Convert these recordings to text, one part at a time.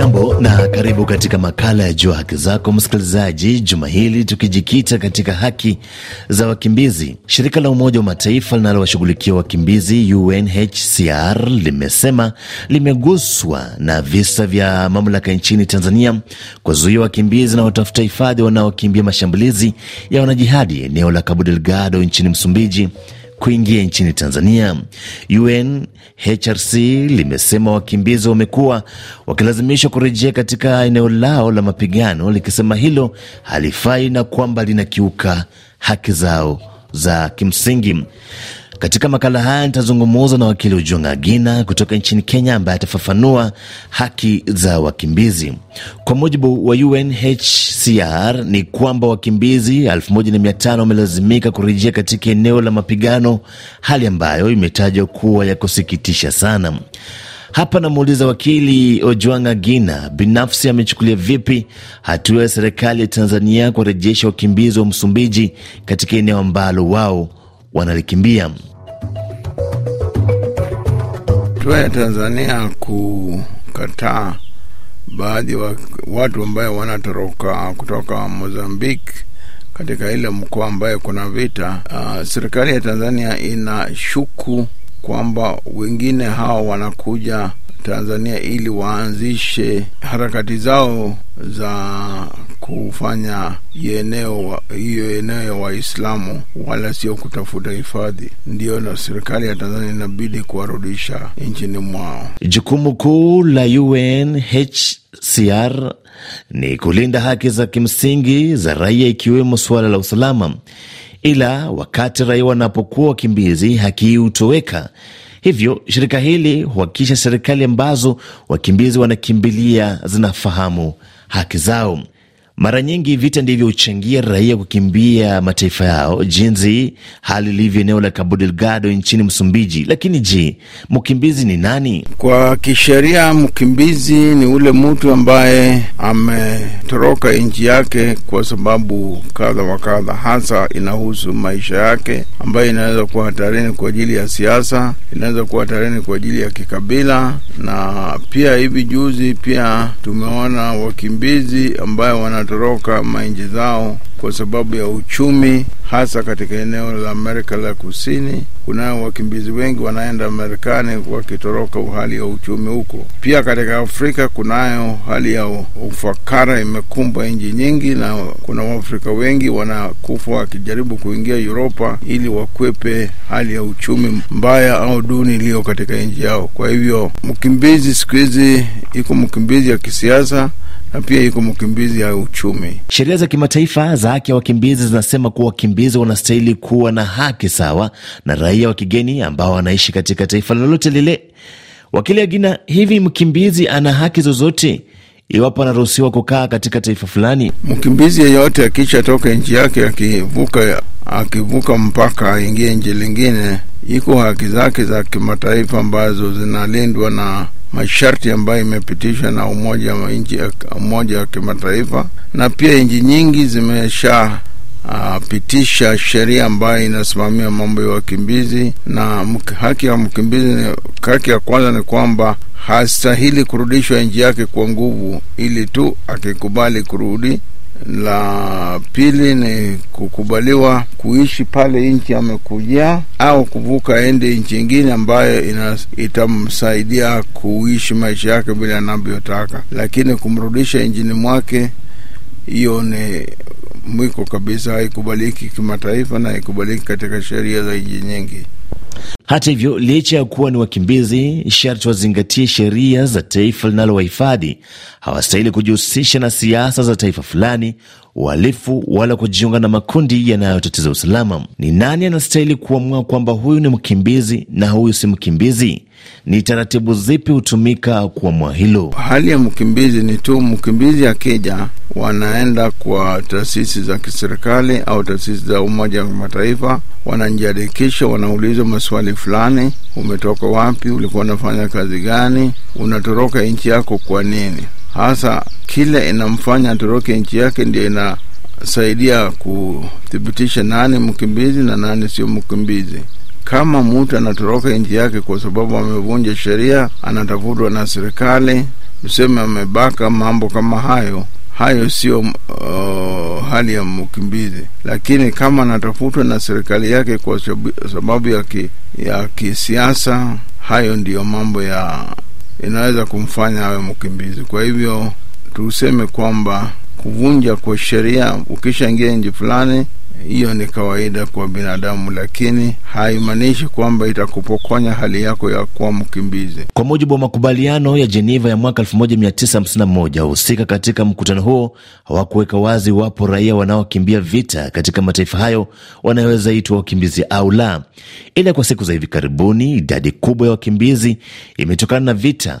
jambo na karibu katika makala ya Jua Haki Zako, msikilizaji. Juma hili tukijikita katika haki za wakimbizi. Shirika la Umoja wa Mataifa linalowashughulikia wakimbizi UNHCR limesema limeguswa na visa vya mamlaka nchini Tanzania kwa zuia wakimbizi na watafuta hifadhi wanaokimbia mashambulizi ya wanajihadi eneo la Cabo Delgado nchini Msumbiji kuingia nchini Tanzania. UNHRC limesema wakimbizi wamekuwa wakilazimishwa kurejea katika eneo lao la mapigano, likisema hilo halifai na kwamba linakiuka haki zao za kimsingi. Katika makala haya nitazungumuza na wakili Ujunga Gina kutoka nchini Kenya, ambaye atafafanua haki za wakimbizi. Kwa mujibu wa UNHCR ni kwamba wakimbizi 1500 wamelazimika kurejea katika eneo la mapigano, hali ambayo imetajwa kuwa ya kusikitisha sana. Hapa namuuliza wakili Ojwanga Gina binafsi amechukulia vipi hatua ya serikali ya Tanzania kuwarejesha wakimbizi wa Msumbiji katika eneo ambalo wao wanalikimbia. Hatua ya Tanzania kukataa baadhi ya watu ambayo wanatoroka kutoka Mozambiki katika ile mkoa ambayo kuna vita. Uh, serikali ya Tanzania inashuku kwamba wengine hao wanakuja Tanzania ili waanzishe harakati zao za kufanya eneo hiyo eneo ya Waislamu wala sio kutafuta hifadhi. Ndiyo, na serikali ya Tanzania inabidi kuwarudisha nchini mwao. Jukumu kuu la UNHCR ni kulinda haki za kimsingi za raia ikiwemo suala la usalama, ila wakati raia wanapokuwa wakimbizi haki hii hutoweka. Hivyo shirika hili huhakikisha serikali ambazo wakimbizi wanakimbilia zinafahamu haki zao. Mara nyingi vita ndivyo huchangia raia kukimbia mataifa yao, jinsi hali ilivyo eneo la Cabo Delgado nchini Msumbiji. Lakini je, mkimbizi ni nani kwa kisheria? Mkimbizi ni ule mtu ambaye ametoroka nchi yake kwa sababu kadha wa kadha, hasa inahusu maisha yake ambayo inaweza kuwa hatarini kwa ajili ya siasa, inaweza kuwa hatarini kwa ajili ya kikabila. Na pia hivi juzi pia tumeona wakimbizi ambayo wana kutoroka mainji zao kwa sababu ya uchumi, hasa katika eneo la Amerika la Kusini. Kunao wakimbizi wengi wanaenda Marekani wakitoroka hali ya uchumi huko. Pia katika Afrika kunayo hali ya ufakara imekumba nchi nyingi, na kuna Waafrika wengi wanakufa wakijaribu kuingia Uropa ili wakwepe hali ya uchumi mbaya au duni iliyo katika nchi yao. Kwa hivyo mkimbizi siku hizi iko mkimbizi ya kisiasa na pia yuko mkimbizi ya uchumi. Sheria za kimataifa za haki ya wakimbizi zinasema kuwa wakimbizi wanastahili kuwa na haki sawa na raia wa kigeni ambao wanaishi katika taifa lolote lile. Wakili Agina, hivi mkimbizi ana haki zozote iwapo anaruhusiwa kukaa katika taifa fulani? Mkimbizi yeyote akisha toka nchi yake, akivuka akivuka mpaka aingie nchi lingine, iko haki zake za kimataifa ambazo zinalindwa na masharti ambayo imepitishwa na umoja wa nchi umoja wa kimataifa, na pia nchi nyingi zimesha Uh, pitisha sheria ambayo inasimamia mambo ya wakimbizi na haki ya mkimbizi. Haki ya kwanza ni kwamba hastahili kurudishwa nji yake kwa nguvu, ili tu akikubali kurudi la pili ni kukubaliwa kuishi pale nchi amekuja au kuvuka ende nchi ingine ambayo itamsaidia kuishi maisha yake vile anavyotaka, lakini kumrudisha injini mwake, hiyo ni mwiko kabisa, haikubaliki kimataifa na haikubaliki katika sheria za nchi nyingi. Hata hivyo, licha ya kuwa ni wakimbizi, sharti wazingatie sheria za taifa linalowahifadhi. Hawastahili kujihusisha na siasa za taifa fulani, uhalifu, wala kujiunga na makundi yanayotatiza usalama. Ni nani anastahili kuamua kwamba huyu ni mkimbizi na huyu si mkimbizi? Ni taratibu zipi hutumika kuamua hilo? Hali ya mkimbizi ni tu mkimbizi akija, wanaenda kwa taasisi za kiserikali au taasisi za Umoja wa Mataifa, wanajiandikisha, wanaulizwa maswali fulani: umetoka wapi, ulikuwa unafanya kazi gani, unatoroka nchi yako kwa nini? Hasa kile inamfanya atoroke nchi yake ndio inasaidia kuthibitisha nani mkimbizi na nani sio mkimbizi. Kama mtu anatoroka nchi yake kwa sababu amevunja sheria, anatafutwa na serikali, mseme amebaka, mambo kama hayo hayo sio uh, hali ya mkimbizi, lakini kama anatafutwa na serikali yake kwa sababu ya, ki, ya kisiasa, hayo ndiyo mambo ya inaweza kumfanya awe mkimbizi. Kwa hivyo tuseme kwamba kuvunja kwa sheria, ukishaingia nji fulani hiyo ni kawaida kwa binadamu, lakini haimaanishi kwamba itakupokonya hali yako ya kuwa mkimbizi. Kwa mujibu wa makubaliano ya Jeneva ya mwaka 1951, wahusika katika mkutano huo hawakuweka wazi iwapo raia wanaokimbia vita katika mataifa hayo wanaweza itwa wakimbizi au la, ila kwa siku za hivi karibuni idadi kubwa ya wakimbizi imetokana na vita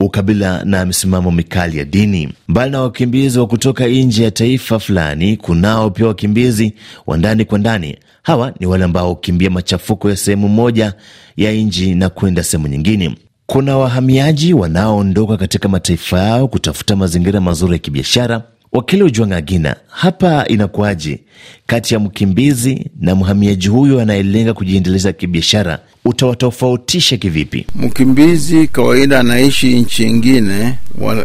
ukabila na misimamo mikali ya dini. Mbali na wakimbizi wa kutoka nje ya taifa fulani, kunao pia wakimbizi wa ndani kwa ndani. Hawa ni wale ambao hukimbia machafuko ya sehemu moja ya nchi na kwenda sehemu nyingine. Kuna wahamiaji wanaoondoka katika mataifa yao kutafuta mazingira mazuri ya kibiashara. Wakili Ujwanga hapa inakuwaje kati ya mkimbizi na mhamiaji huyo anayelenga kujiendeleza kibiashara utawatofautisha kivipi? Mkimbizi kawaida anaishi nchi ingine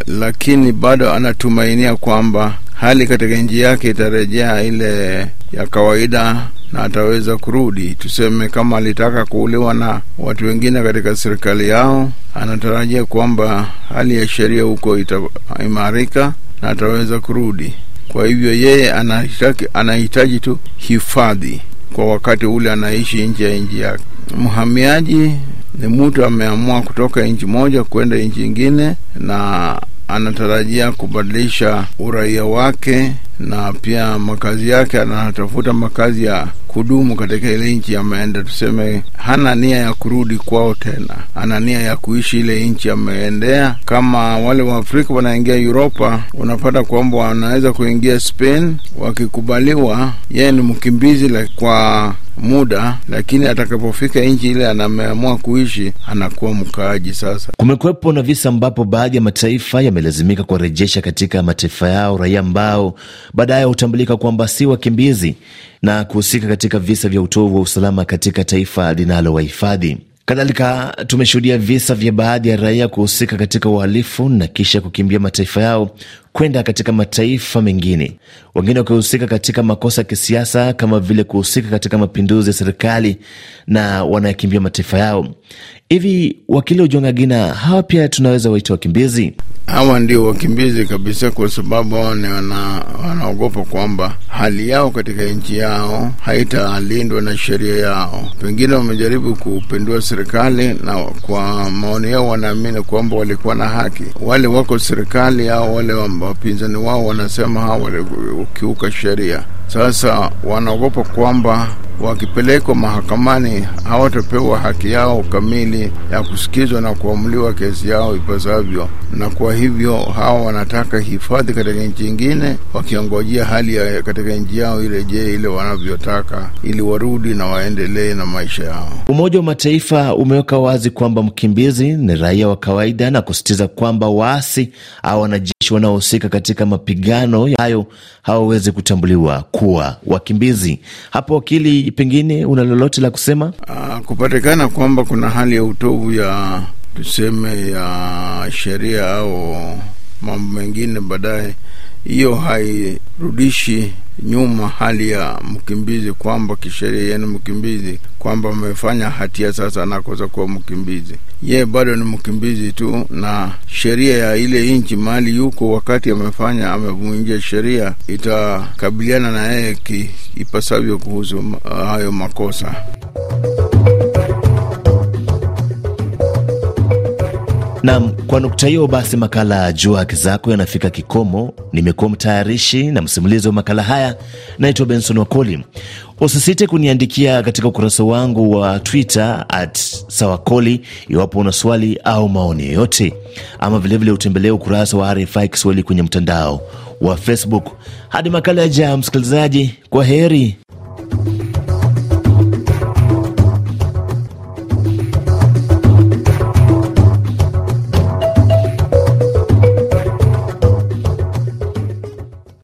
lakini bado anatumainia kwamba hali katika nchi yake itarejea ile ya kawaida na ataweza kurudi. Tuseme kama alitaka kuuliwa na watu wengine katika serikali yao, anatarajia kwamba hali ya sheria huko itaimarika na ataweza kurudi. Kwa hivyo yeye anahitaji, anahitaji tu hifadhi kwa wakati ule anaishi nje ya nchi yake. Mhamiaji ni mtu ameamua kutoka nchi moja kwenda nchi nyingine na anatarajia kubadilisha uraia wake na pia makazi yake, anatafuta makazi ya kudumu katika ile nchi ameenda. Tuseme hana nia ya kurudi kwao tena, ana nia ya kuishi ile nchi ameendea. Kama wale Waafrika wanaingia Uropa, unapata kwamba wanaweza kuingia Spain, wakikubaliwa, yeye ni mkimbizi like, kwa muda, lakini atakapofika nchi ile anameamua kuishi anakuwa mkaaji. Sasa kumekuwepo na visa ambapo baadhi ya mataifa yamelazimika kuwarejesha katika mataifa yao raia ambao baadaye hutambulika kwamba si wakimbizi na kuhusika katika visa vya utovu wa usalama katika taifa linalowahifadhi. Kadhalika, tumeshuhudia visa vya baadhi ya raia kuhusika katika uhalifu na kisha kukimbia mataifa yao kwenda katika mataifa mengine, wengine wakihusika katika makosa ya kisiasa kama vile kuhusika katika mapinduzi ya serikali na wanakimbia mataifa yao. Hivi wakili gina hawa pia tunaweza waita wakimbizi? Hawa ndio wakimbizi kabisa, kwa sababu hawa ni wana, wanaogopa kwamba hali yao katika nchi yao haitalindwa na sheria yao. Pengine wamejaribu kupindua serikali, na kwa maoni yao wanaamini kwamba walikuwa na haki. Wale wako serikali au wale wamba kwamba wapinzani wao wanasema hawa walikiuka sheria. Sasa wanaogopa kwamba wakipelekwa mahakamani hawatapewa haki yao kamili ya kusikizwa na kuamuliwa kesi yao ipasavyo, na kwa hivyo hawa wanataka hifadhi katika nchi ingine wakiongojea hali ya katika nchi yao irejee ile wanavyotaka, ili warudi na waendelee na maisha yao. Umoja wa Mataifa umeweka wazi kwamba mkimbizi ni raia wa kawaida na kusisitiza kwamba waasi au wanaji wanaohusika katika mapigano hayo hawawezi kutambuliwa kuwa wakimbizi. Hapo wakili, pengine una lolote la kusema? Uh, kupatikana kwamba kuna hali ya utovu ya tuseme ya sheria au mambo mengine baadaye, hiyo hairudishi nyuma hali ya mkimbizi, kwamba kisheria yenu mkimbizi, kwamba mmefanya hatia, sasa anakosa kuwa mkimbizi. Ye bado ni mkimbizi tu, na sheria ya ile nchi mahali yuko, wakati amefanya amevunjia sheria, itakabiliana na yeye ipasavyo kuhusu hayo makosa. Nam, kwa nukta hiyo basi, makala ya Jua Haki Zako yanafika kikomo. Nimekuwa mtayarishi na msimulizi wa makala haya, naitwa Benson Wakoli. Usisite kuniandikia katika ukurasa wangu wa Twitter at Sawakoli iwapo una swali au maoni yoyote, ama vilevile utembelee ukurasa wa RFI Kiswahili kwenye mtandao wa Facebook. Hadi makala yajaa, msikilizaji, kwa heri.